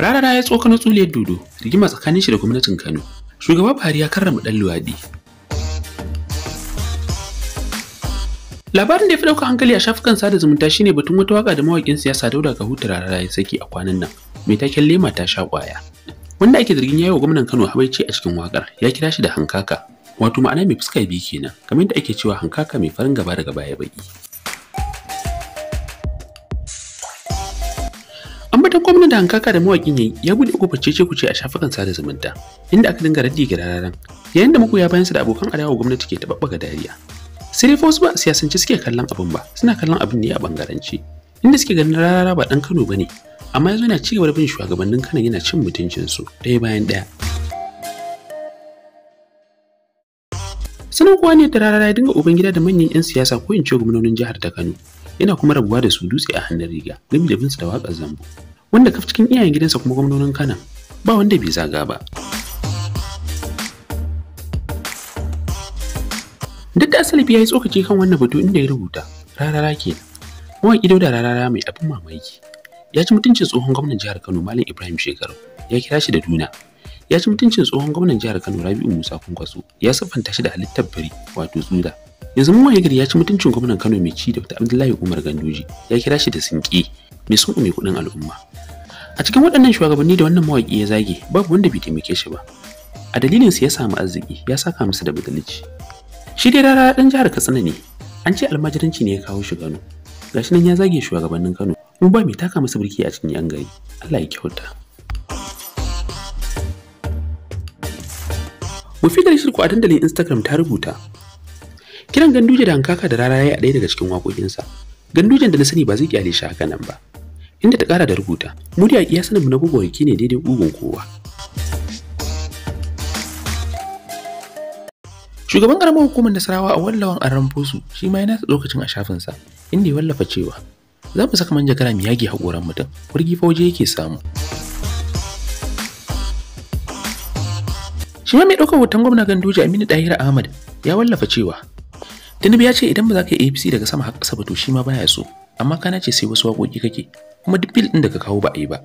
Rarara ya tsokano tsuliyar dodo rigima tsakanin shi da gwamnatin Kano. Shugaba Buhari ya karrama dan luwaɗi. Labarin da ya fi ɗauka hankali a shafukan sada zumunta shine batun wata waka da mawaƙin siyasa Dauda hutu Rarara ya saki a kwanan nan. Mai taken lema ta sha kwaya. Wanda ake zargin yayi wa gwamnan Kano habaici a cikin wakar ya kira shi da hankaka. Wato ma'ana mai fuska biyu kenan, kamar yadda ake cewa hankaka mai farin gaba daga baya baki. An bata gwamna da hankaka da mawaƙin yayi ya buɗe kofar ce kuce a shafukan sada zumunta inda aka dinga raddi ga raran yayin da bayan bayansa da abokan adawa gwamnati ke taɓaɓɓaga dariya. Sai dai wasu ba siyasanci suke kallon abin ba suna kallon abin ne a bangaranci inda suke ganin rarara ba ɗan Kano ba ne, amma yanzu yana ci gaba da bin shugabannin Kano yana cin mutuncinsu ɗaya bayan ɗaya. Sanin kuwa ne da rarara ya dinga uban gida da manyan 'yan siyasa ko in ce gwamnonin jihar ta Kano yana kuma rabuwa da su dutse a hannun riga gami da binsu da waƙar zambo wanda kafi cikin iyayen gidansa kuma gwamnonin Kano ba wanda bai zaga ba. Duk da Asalabi ya yi tsokaci kan wannan batu inda ya rubuta, rarara ke mawaƙi da rarara mai abin mamaki. Ya ci mutuncin tsohon gwamnan jihar Kano Malam Ibrahim Shekaru, ya kira shi da duna. Ya ci mutuncin tsohon gwamnan jihar Kano Rabi'u Musa Kunkwaso ya siffanta shi da halittar bari wato tsuda. Yanzu mawaƙi ya ci mutuncin gwamnan Kano mai ci da Abdullahi Umar Ganduji, ya kira shi da sinƙe. mai so mai kuɗin al'umma a cikin waɗannan shugabanni da wannan mawaƙi ya zage babu wanda bai taimake shi ba a dalilin sa ya samu arziki ya saka musu da badalici shi dai rara ɗan jihar katsina ne an ce almajiranci ne ya kawo shi kano gashi nan ya zage shugabannin kano mu ba mai taka masa birki a cikin yan gari allah ya kyauta mufidar shirku a dandalin instagram ta rubuta kiran ganduje da hankaka da rara ya yi a ɗaya daga cikin waƙoƙinsa gandujen da na sani ba zai kyale shi haka nan ba inda ta kara da rubuta murya iya sanin na gugurki ne daidai ƙugun kowa shugaban ƙaramar hukumar nasarawa a wallawan aron ramfosu shi ma yana lokacin a shafinsa inda ya wallafa cewa za mu saka manjagara mu yage haƙoran mutum kurgi fa waje yake samu shi ma mai ɗaukar hoton gwamna Gandoji aminu ɗahira ahmad ya wallafa cewa tinubu ya ce idan ba za ka yi apc daga sama har ƙasa ba to shi ma baya so amma kana ce sai wasu waƙoƙi kake kuma duk bil ɗin da ka kawo ba a yi ba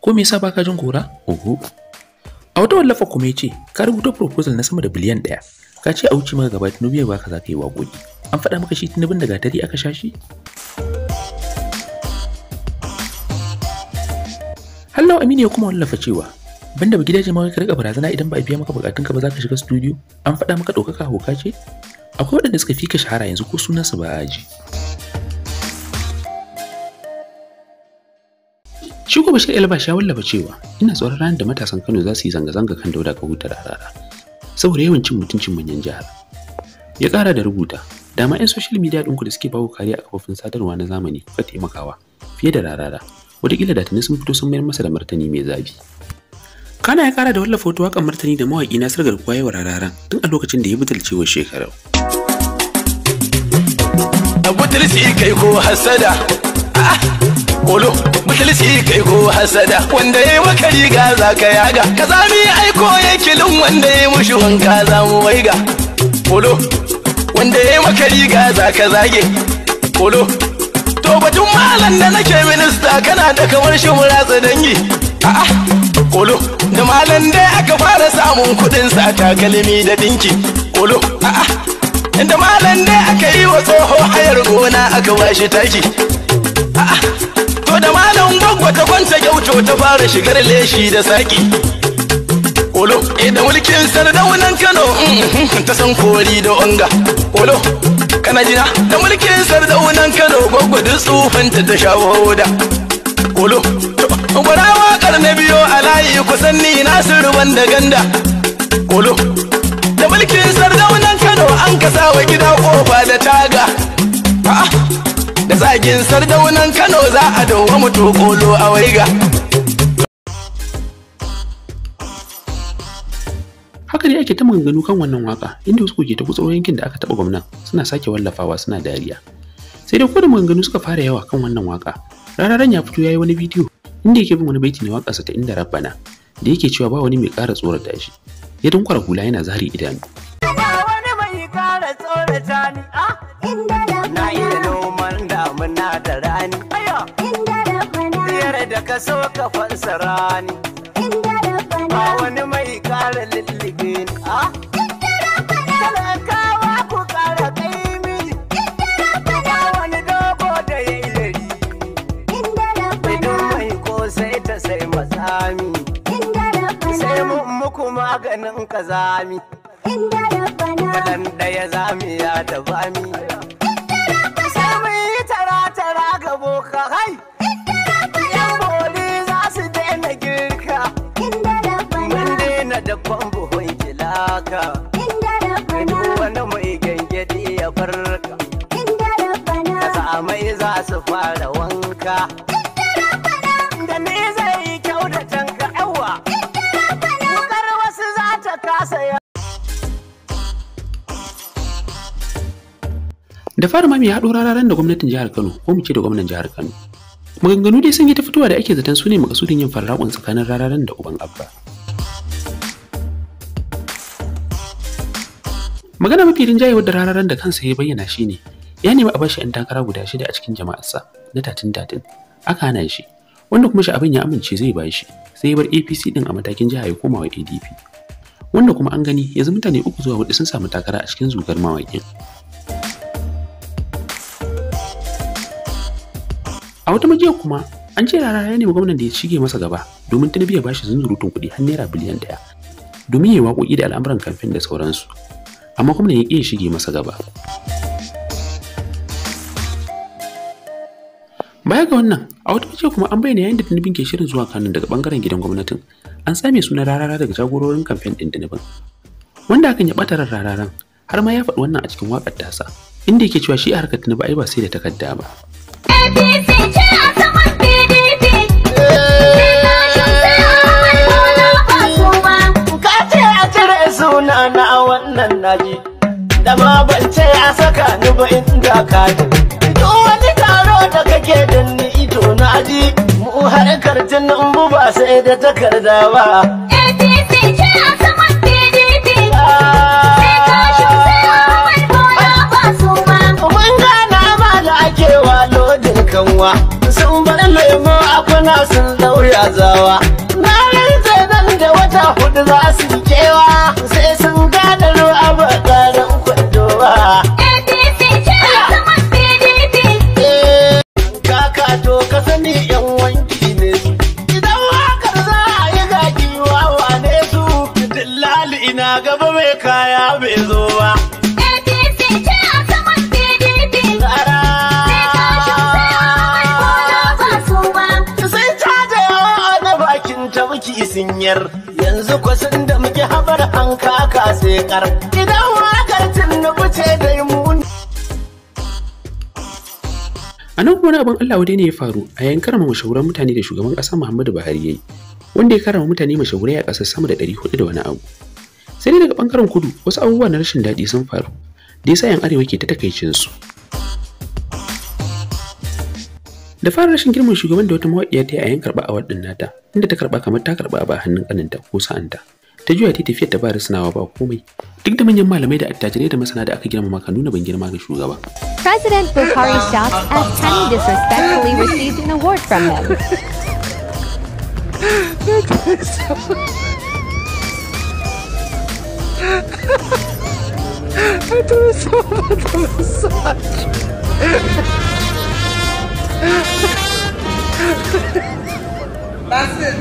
ko me yasa ba ka jin kora oho a wata wallafa kuma ya ce ka rubuta proposal na sama da biliyan ɗaya ka ce a wuce maka gaba biyar ba ka za ka yi waƙoƙi an faɗa maka shi tunubin da gatari aka sha shi Hallau Aminu ya kuma wallafa cewa banda ba gidaje ma ka rika barazana idan ba a biya maka bukatunka ba za ka shiga studio an faɗa maka ɗaukaka hoka ce akwai waɗanda suka fi ka shahara yanzu ko sunansu ba a Shi ko Bashir Elbash ya wallafa cewa ina tsoron ranar da matasan Kano za su yi zanga-zanga kan dauda ka hutar harara saboda yawan cin mutuncin manyan jihar. Ya ƙara da rubuta, dama 'yan social media ɗinku da suke bawo kariya a kafofin sadarwa na zamani ba taimakawa fiye da rarara. Wataƙila da tuni sun fito sun mayar masa da martani mai zabi. Kana ya ƙara da wallafa wata waƙar martani da mawaƙi Nasir Garkuwa ya wa rararan tun a lokacin da ya butulcewa shekarau. A butulci kai ko hasada, olo musulci kai ko hasada wanda ya maka riga za ka yaga ka zami aiko ya kilin wanda ya mushi wanka za mu waiga olo wanda ya maka riga za ka zage olo to batun malam da nake minista kana da kamar shi muratsa dangi a'a olo da malam dai aka fara samun kudin sa takalmi da dinki olo a'a da malam dai aka yi wa tsoho hayar gona aka bashi taki a'a da malam gwagwa ta kwanta gyauto ta fara shigar leshi da saki Kolo da mulkin sardaunan kano mm, ta san kori da onga kolo kana jina da mulkin sardaunan kano gwagwa duk tsufanta ta shawo da kolo gwara wakar na biyo a layi kusan ni nasiru banda ganda Kolo da mulkin sardaunan kano an kasa wa gida kofa da taga a'a zagin sardaunan kano za a dawo mutu kolo a waiga haka dai ake ta maganganu kan wannan waka inda wasu ke ta kutsaro yankin da aka taba gwamnan suna sake wallafawa suna dariya sai dai ko da maganganu suka fara yawa kan wannan waka rararen ya fito yayi wani bidiyo inda yake bin wani baiti ne wakarsa ta inda rabbana da yake cewa ba wani mai ƙara tsorata shi ya dunkwara hula yana zari idanu ka so ka falsara ni ba wani mai kara lullube ni a talakawa ku kara kaimi A wani dogo da ya ilari idan mai sai ta sai matsami sai mun muku maganin kazami Madan ɗaya zami ya tabami. Sai mu yi tara ga boka hai. su fara wanka. Da yi kyau da tanka yawa. kasa ya. Da fara mami ya haɗo rararen da gwamnatin jihar Kano ko muke da gwamnan jihar Kano. Maganganu dai sun yi ta fitowa da ake zaton su ne makasudin yin farraƙon tsakanin rararen da uban abba. Magana mafi rinjaye wadda rararen da kansa ya bayyana shi ne. ya nemi a bashi 'yan takara guda shida a cikin jama'arsa na tatin tatin aka hana shi wanda kuma shi ya amince zai bayi shi sai ya bar apc din a matakin jiha ya koma wa adp wanda kuma an gani ya yanzu mutane uku zuwa hudu sun samu takara a cikin zugar mawaƙin a wata majiyar kuma an ce rara ya nemi gwamnan da ya shige masa gaba domin tuni biya bashi zunzurutun kuɗi har naira biliyan ɗaya domin ya yi waƙoƙi da al'amuran kamfen da sauransu amma gwamnan ya iya shige masa gaba. Baya ga wannan, a wata wace kuma an bayyana yayin da tunubin ke shirin zuwa Kano daga bangaren gidan gwamnatin, an same suna rarara daga jagororin kamfen ɗin tunubin Wanda hakan ya bata ran rararan, har ma ya faɗi wannan a cikin waƙar tasa, inda yake cewa shi a harkar tunubi ai ba sai da takarda ba. suna na wannan naji da ma ban a saka ni inda ka tinubu ba sai da takarda ba apc ce a pdp sai sai ba su ma mun gana ma da ake wa lodin kanwa sun bar lemo a sun daura zawa na rantse nan da wata hudu za su kewa sai sun gadar bai zo PDP tsara yawa na bakin tauki sun yanzu kwasan da muke habar an kaka sai kar idan wakar tunubu ce dai muni. a nan kuma abin Allah wadai ne ya faru a yayin karama mashahuran mutane da shugaban ƙasa Muhammadu Buhari yayi wanda ya karama mutane mashahurai a ƙasar sama da hudu da wani abu sai dai daga bangaren kudu wasu abubuwa na rashin daɗi sun faru da yasa yan arewa ke ta takaicin su da fara rashin girman shugaban da wata mawaƙiya ta yi a yan karɓa a waɗin nata inda ta karɓa kamar ta karɓa ba hannun ƙaninta ko sa'anta ta juya ta tafiya ta ba risnawa ba komai duk da manyan malamai da attajirai da masana da aka girma maka nuna ban girma ga shugaba. President Buhari as disrespectfully received an award from them. Introdução, massagem. That's it.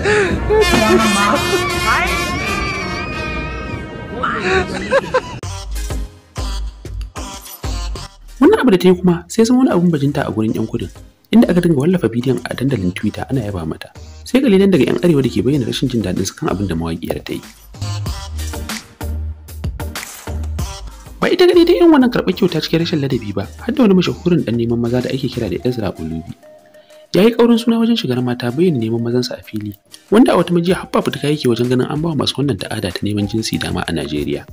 Wannan abu da ta yi kuma sai sun wani abin bajinta a gurin 'yan kudin, inda aka dinga wallafa bidiyon a dandalin Twitter ana yaba mata. Sai kalilan daga 'yan arewa da ke bayyana rashin jin su kan abin da mawaƙiyar ta yi. ba ita gani dai yin wannan karɓar kyauta cikin rashin ladabi ba har da wani mashahurin dan neman maza da ake kira da Ezra Olubi ya yi ƙaurin suna wajen shigar mata bayyana neman mazansa a fili wanda a wata majiya habba ta yake wajen ganin an ba masu wannan ta'ada ta neman jinsi dama a Najeriya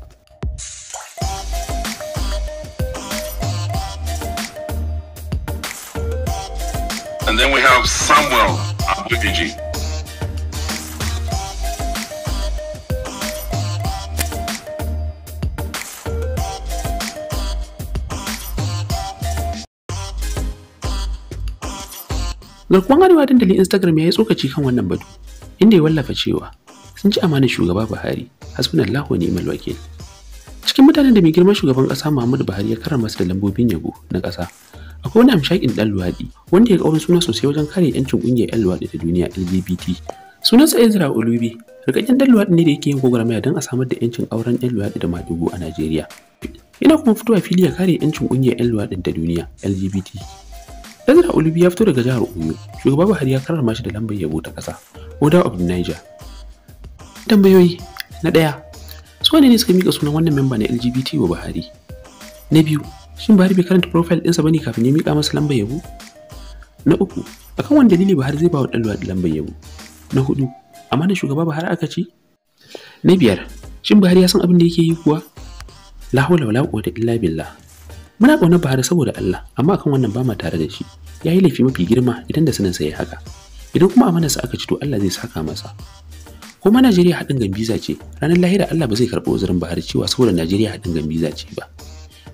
And then we have Samuel Abubiji. garkuwan arewa dandalin instagram ya yi tsokaci kan wannan batu inda ya wallafa cewa sun ci amanar shugaba buhari hasbunallahu wa ni'mal wakil cikin mutanen da mai girman shugaban kasa muhammadu buhari ya karrama su da lambobin yabo na kasa akwai wani amshakin dan luwaɗi wanda ya kaurin suna sosai wajen kare yancin kungiyar yan luwaɗi ta duniya lgbt sunansa ezra olubi rikakken dan luwaɗi ne da yake yin gwagwarmaya don a samar da yancin auren yan luwaɗi da maɗigo a najeriya ina kuma fitowa fili ya kare yancin kungiyar yan luwaɗin ta duniya lgbt Ezra Olubi ya fito daga jihar Oyo. Shugaba Buhari ya karar shi da lambar yabo ta ƙasa, Order of Niger. Tambayoyi na ɗaya, su wane ne suka mika sunan wannan memba na LGBT wa Buhari? Na biyu, shin Buhari bai karanta profile ɗinsa bane kafin ya mika masa lambar yabo? Na uku, akan wani dalili Buhari zai ba wa ɗalwa da lambar yabo? Na hudu, amma da shugaba Buhari aka ce? Na biyar, shin Buhari ya san abin da yake yi kuwa? La hawla wala quwwata illa billah. muna ƙaunar Buhari saboda Allah amma akan wannan ba ma tare da shi ya yi laifi mafi girma idan da sanansa ya haka idan kuma amanarsa aka ci to Allah zai saka masa kuma Najeriya haɗin gambiza ce ranar lahira Allah ba zai karɓi uzurin Buhari cewa saboda Najeriya haɗin gambiza ce ba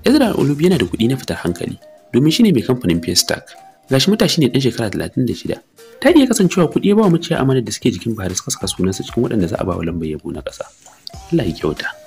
Ezra Olubi yana da kuɗi na fitar hankali domin shine mai kamfanin Pestack gashi matashi ne ɗan shekara 36 ta iya kasancewa kuɗi ya ba wa maciya amanar da suke jikin Buhari suka saka sunansa cikin waɗanda za a ba wa lambar yabo na ƙasa Allah ya kyauta